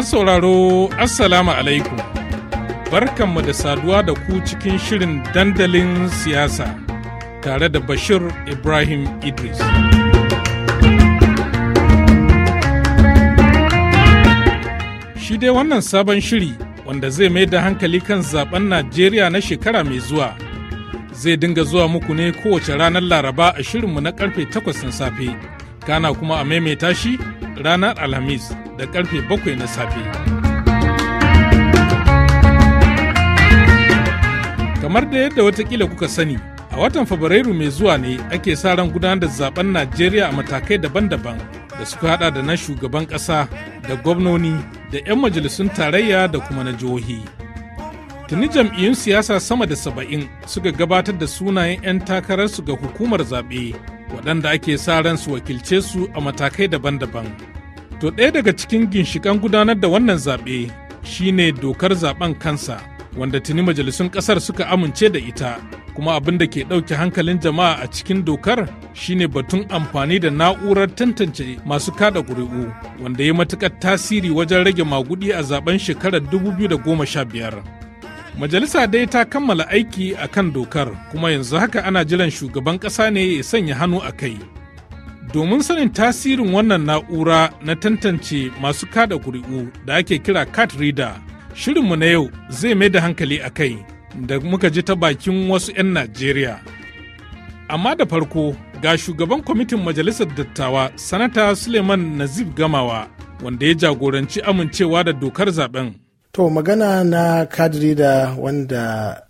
Masu sauraro Assalamu alaikum. Barkanmu da saduwa da ku cikin shirin dandalin siyasa tare da Bashir Ibrahim Idris. Shi dai wannan sabon shiri wanda zai mai da hankali kan zaben Najeriya na shekara mai zuwa. Zai dinga zuwa muku ne kowace ranar Laraba a shirinmu na karfe 8 na safe, kana kuma a maimaita shi ranar Alhamis da karfe bakwai na safe. Kamar da yadda watakila kuka sani, a watan Fabrairu mai zuwa ne ake sa ran gudanar da zaben Najeriya a matakai daban-daban da suka hada da na shugaban ƙasa da gwamnoni da 'yan majalisun tarayya da kuma na jihohi. tuni jam'iyyun siyasa sama da saba'in suka gabatar da sunayen 'yan takararsu ga hukumar zaɓe waɗanda ake sa ran su wakilce su a matakai daban-daban To ɗaya daga cikin ginshikan gudanar da wannan zaɓe shine dokar zaɓen kansa wanda tuni majalisun ƙasar suka amince da ita kuma abin da ke ɗauke hankalin jama'a a cikin dokar shine batun amfani da na'urar tantance masu kada ƙuri'u wanda ya matuƙar tasiri wajen rage maguɗi a zaben shekarar 2015 majalisa dai ta kammala aiki a kan dokar kuma yanzu haka ana jiran shugaban ƙasa ne ya sanya hannu a kai Domin sanin tasirin wannan na'ura na tantance masu kada kuri'u da ake kira card reader, shirinmu na yau zai mai da hankali a kai da muka ji ta bakin wasu 'yan Najeriya. Amma da farko ga shugaban kwamitin Majalisar Dattawa, Sanata Suleiman Nazib Gamawa, wanda ya jagoranci amincewa da dokar zaben. To magana na kadri da wanda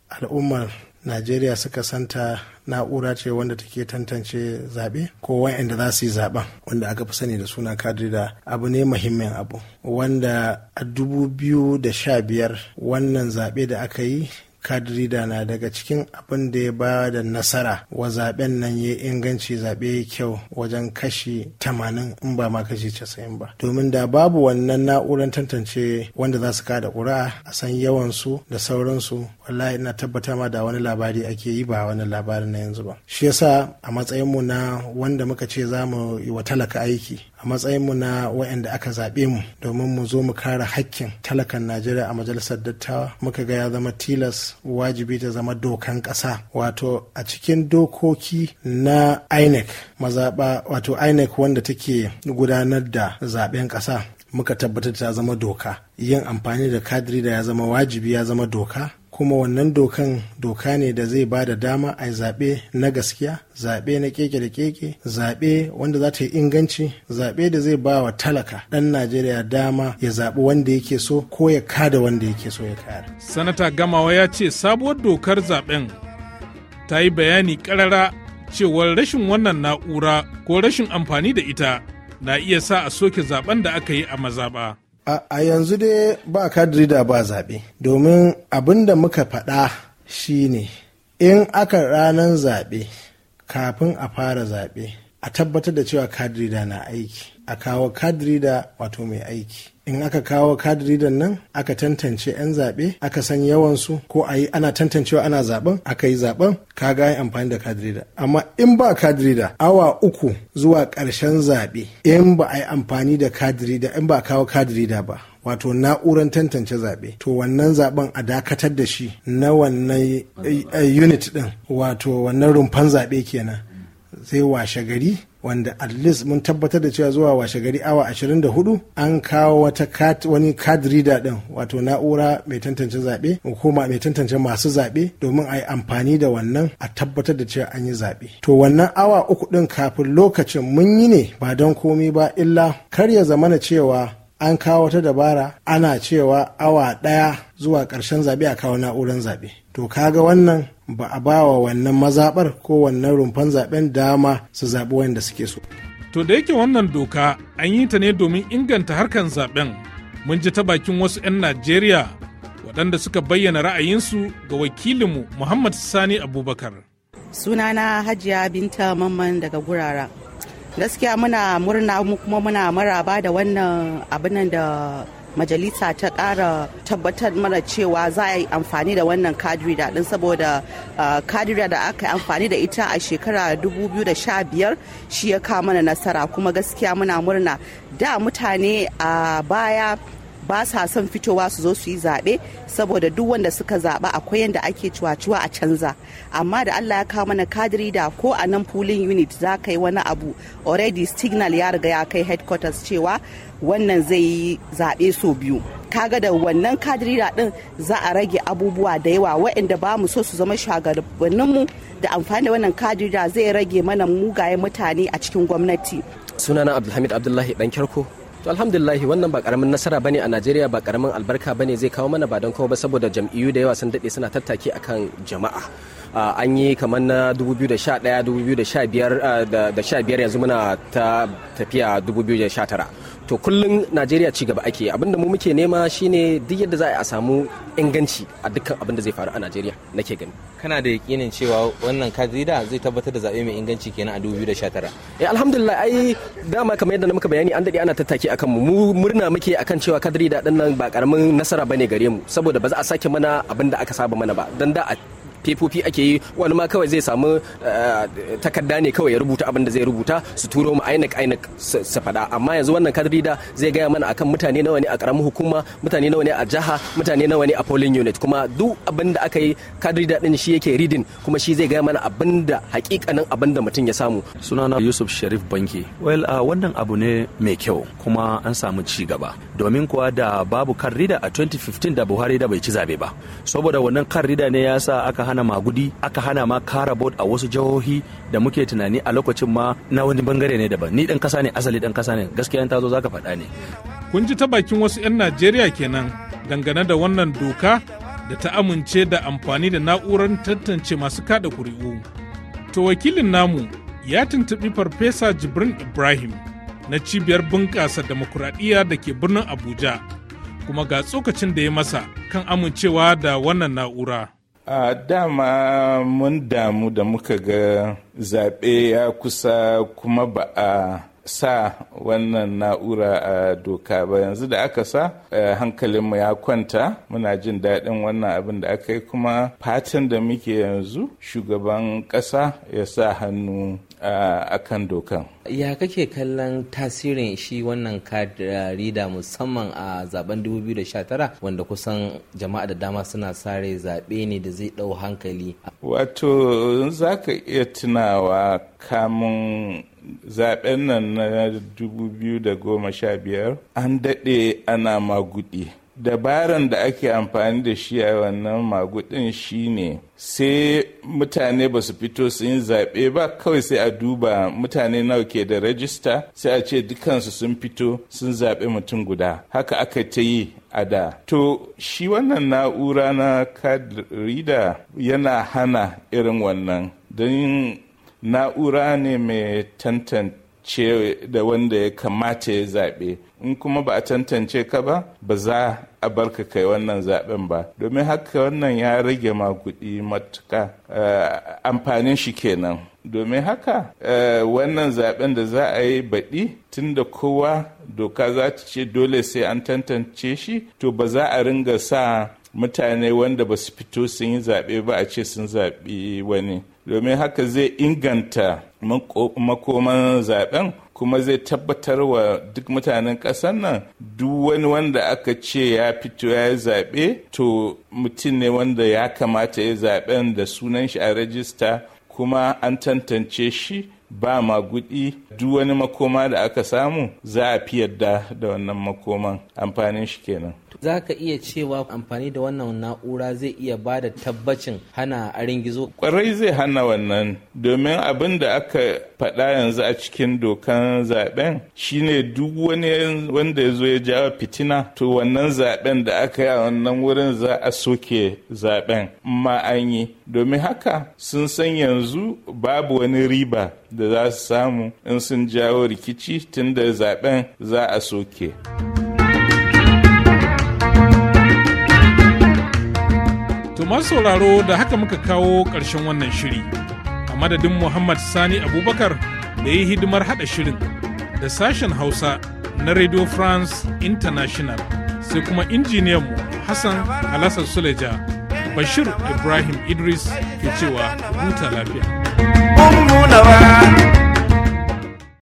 al'ummar Najeriya suka santa na'ura ce wanda take tantance zaɓe ko wa'anda za su yi zaɓen wanda aka fi sani da suna kadida abu ne muhimmin abu wanda a dubu biyu da sha biyar wannan zaɓe da aka yi kadirida na daga cikin abin da ya bayar da nasara wa zaben nan ya inganci zaɓe ya kyau wajen kashi 80 in ba ma kashi 90 ba domin da babu wannan na'urar tantance wanda za su kada ƙura a san yawansu da sauransu wallahi ina tabbata ma da wani labari ake yi ba wani labarin na yanzu ba shi yasa a matsayinmu na wanda muka ce za mu yi wa talaka aiki a matsayinmu na wayanda aka zaɓe mu domin mu zo mu kare hakkin talakan najeriya a majalisar dattawa muka ga ya zama tilas wajibi ta zama dokan ƙasa wato a cikin dokoki na inec mazaɓa wato inec wanda take gudanar da zaɓen ƙasa muka tabbatar ta zama doka yin amfani da kadiri da ya zama wajibi ya zama doka kuma wannan dokan doka ne da zai ba da dama a zaɓe na gaskiya zaɓe na keke da keke zaɓe wanda za ta yi inganci zaɓe da zai ba wa talaka ɗan najeriya dama ya zaɓi wanda yake so ko ya kada wanda yake so ya kada sanata gamawa ya ce sabuwar dokar zaɓen ta yi bayani ƙarara cewar rashin wannan na'ura ko rashin amfani da ita na iya sa a soke zaɓen da aka yi a mazaɓa A yanzu dai ba kadiri da ba zaɓe, domin abin da muka faɗa shi ne, in aka ranar zaɓe kafin a fara zaɓe, a tabbatar da cewa kadiri da na aiki, a kawo kadiri da wato mai aiki. in aka kawo kadiridan nan aka tantance 'yan zaɓe aka san yawansu ko a yi ana tantancewa ana zaɓen aka yi zaɓen ka ga amfani da kadirida amma in ba kadirida awa uku zuwa ƙarshen zaɓe in ba a yi amfani da kadirida in ba a kawo kadirida ba wato na'uran tantance zaɓe to wannan zaɓen a dakatar da shi na wannan eh, unit ɗin wato wannan rumfan zaɓe kenan sai washe gari wanda at least mun tabbatar da cewa zuwa washe gari awa 24 an kawo wata kat, wani card reader din wato na'ura mai tantance zaɓe hukuma mai tantance masu zaɓe domin a yi amfani da wannan a tabbatar da cewa an yi zaɓe to wannan awa uku din kafin lokacin mun yi ne ba don komi ba illa kar ya zamana cewa an kawo wata dabara ana cewa awa ɗaya zuwa ƙarshen zaɓe a kawo na'uran zaɓe to kaga wannan ba a ba wa wannan mazaɓar ko wannan rumfan zaɓen dama su zaɓi wanda suke so. To da yake wannan doka an yi ta ne domin inganta harkan zaɓen mun ji ta bakin wasu 'yan Najeriya waɗanda suka bayyana ra'ayinsu ga wakilinmu Muhammad Sani Abubakar. Sunana Hajiya Binta Mamman daga Gurara. Gaskiya muna murna kuma muna maraba da wannan abin da majalisa ta ƙara tabbatar mana cewa za a yi amfani da wannan kadirida din saboda kadrida uh, da aka yi amfani da ita a shekara 2015 shi ya kawo mana nasara kuma gaskiya muna murna da mutane a baya ba sa son fitowa su zo su yi zaɓe saboda duk wanda suka zaɓa akwai yadda ake cuwa-cuwa a canza amma da allah ya kawo mana kadiri da ko a nan pooling unit za ka yi wani abu already signal ya riga ya kai headquarters cewa wannan zai yi zaɓe sau biyu kaga da wannan kadrida ɗin za a rage abubuwa da yawa waɗanda ba mu so su zama shugabanninmu da amfani da wannan da zai rage mana mugayen mutane a cikin gwamnati sunana abdulhamid abdullahi dan kyarko to alhamdulillah wannan ba karamin nasara bane a najeriya ba karamin albarka bane zai kawo mana ba don kawo ba saboda jam'iyyu da yawa sun daɗe suna tattaki akan jama'a an yi kamar na 2011 2015 yanzu muna ta tafiya 2019 to kullum najeriya ci gaba ake abinda mu muke nema shine duk yadda za a samu inganci a dukkan abin da zai faru a najeriya nake gani kana da yakinin cewa wannan kadida zai tabbatar da zaɓe mai inganci kenan a 2019 eh alhamdulillah ai dama kamar yadda muka bayani an daɗe ana tattaki akan mu murna muke akan cewa kadida din nan ba karamin nasara bane gare mu saboda ba za a sake mana abin da aka saba mana ba dan da a fefofi ake yi wani ma kawai zai samu eh, takarda ne kawai ya rubuta abin da zai rubuta su turo mu ainak ainak su faɗa amma yanzu wannan kadrida zai gaya mana akan mutane nawa ne a karamin hukuma mutane nawa ne a jiha mutane nawa ne a polling unit kuma duk abin da aka yi kadrida din shi yake reading kuma shi zai gaya mana abin da hakikanin abin da mutum ya samu sunana yusuf sharif banki well uh, wannan abu ne mai kyau kuma an samu ci gaba domin kuwa da babu kadrida a 2015 da buhari da bai ci zabe ba saboda wannan kadrida ne ya sa aka hana magudi aka hana ma kara bot a wasu jihohi da muke tunani a lokacin ma na wani bangare ne daban ni dan kasa ne asali dan kasa ne gaskiya ta zo zaka faɗa ne kun ji ta bakin wasu 'yan najeriya kenan dangane da wannan doka da ta amince da amfani da na'urar tantance masu kada kuri'u to wakilin namu ya tuntuɓi farfesa jibrin ibrahim na cibiyar bunƙasa demokuraɗiyya da ke birnin abuja kuma ga tsokacin da ya masa kan amincewa da wannan na'ura. a dama mun damu da muka ga zaɓe ya kusa kuma ba a sa wannan na'ura a doka ba yanzu da aka sa eh, hankalinmu ya kwanta muna jin daɗin wannan abin da aka yi kuma fatan da muke yanzu shugaban ƙasa ya sa hannu a kan dokan. Ya kake kallon tasirin shi wannan card uh, musamman a zaben 2019 wanda kusan jama'a da dama suna sare zaɓe ne da zai ɗau hankali. Wato za ka iya tunawa kamun zaben nan na 2015 an daɗe ana magudi. dabaran da ake amfani da shi a wannan magudin ne sai mutane ba su fito su yi zaɓe ba kawai sai a duba mutane nawa ke da rajista sai a ce dukansu sun fito sun zaɓe mutum guda haka aka ta yi a da to shi wannan na'ura na card yana hana irin wannan don na'ura ne mai tantance ce da wanda ya kamata ya zaɓe in kuma ba a tantance ka ba ba za a barka kai wannan zaben ba domin haka wannan ya rage ma kuɗi matuka eh, amfanin shi kenan domin haka eh, wannan zaɓen da za a yi baɗi da kowa doka za ta ce dole sai an tantance shi to ba za a ringa sa mutane wanda ba su fito sun yi zaɓe ba a ce sun zaɓi wani domin haka zai inganta makoman zaben kuma zai tabbatar wa duk mutanen ƙasar nan duk wani wanda aka ce ya fito ya yi zaɓe to mutum ne wanda ya kamata ya zaɓen da sunan shi a rajista kuma an tantance shi ba ma gudi duk wani makoma da aka samu za a fi yadda da wannan makoman amfanin shi kenan. Za ka iya cewa amfani da wannan na'ura zai iya ba da tabbacin hana arin gizo? Kwarai zai hana wannan domin abin da aka faɗa yanzu a cikin dokan zaben shine duk wani wanda ya zo ya jawo fitina to wannan zaben da aka yi a wannan wurin za a soke zaben ma an yi domin haka sun san yanzu babu wani riba da za su samu in sun jawo rikici tun da zaben za a soke. masu sauraro da haka muka kawo ƙarshen wannan shiri a madadin muhammad sani abubakar da ya yi hidimar haɗa shirin da sashen hausa na radio france international sai kuma injiniyanmu hassan Alassar suleja bashir ibrahim idris ke cewa huta lafiya Umu Nawa